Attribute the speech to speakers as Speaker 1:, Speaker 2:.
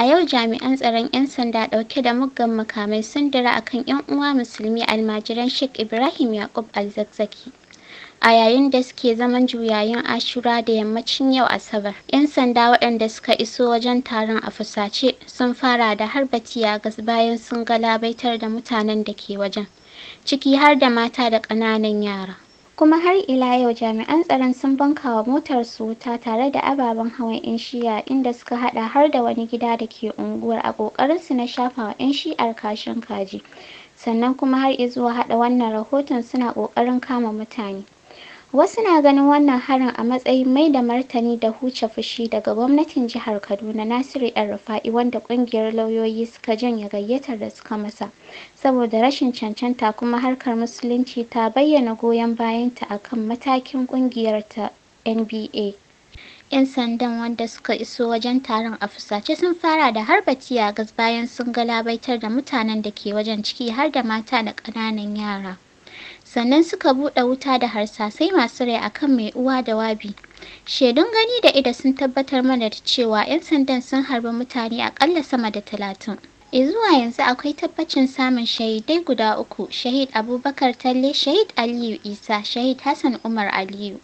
Speaker 1: A yau jami'an tsaron 'yan sanda ɗauke da muggan makamai sun dira a kan 'yan uwa musulmi almajiran Sheikh Ibrahim Yaqub Alzakzaki. A yayin da suke zaman juyayin Ashura da yammacin yau Asabar, 'yan sanda waɗanda suka iso wajen taron a fusace sun fara da harba tiyagas bayan sun galabaitar da mutanen da ke wajen, ciki har da mata da ƙananan yara. kuma har ila yau jami'an tsaron sun bankawa motar su wuta tare da ababen hawan 'yan shi'a inda suka hada har da wani gida da ke unguwar a kokarin su na shafa wa 'yan shi'ar kashin kaji sannan kuma har izuwa hada wannan rahoton suna kokarin kama mutane Wasu na ganin wannan harin a matsayin mai da martani da huce fushi daga gwamnatin jihar Kaduna Nasiru El-Rufa'i wanda ƙungiyar lauyoyi suka janye gayyatar da suka masa saboda rashin cancanta kuma harkar Musulunci ta bayyana goyon bayanta a kan matakin ƙungiyar ta NBA. 'Yan sandan wanda suka iso wajen taron a fusace sun fara da harba tiyagas bayan sun galabaitar da mutanen da ke wajen ciki har da mata da ƙananan yara. sannan suka buɗe wuta da harsasai masu rai akan mai uwa da wabi shaidun gani da ido sun tabbatar mana da cewa 'yan sandan sun harbi mutane akalla sama da talatin zuwa yanzu akwai tabbacin samun shahidai guda uku shahid abubakar talle shahid aliyu isa shahid hassan umar aliyu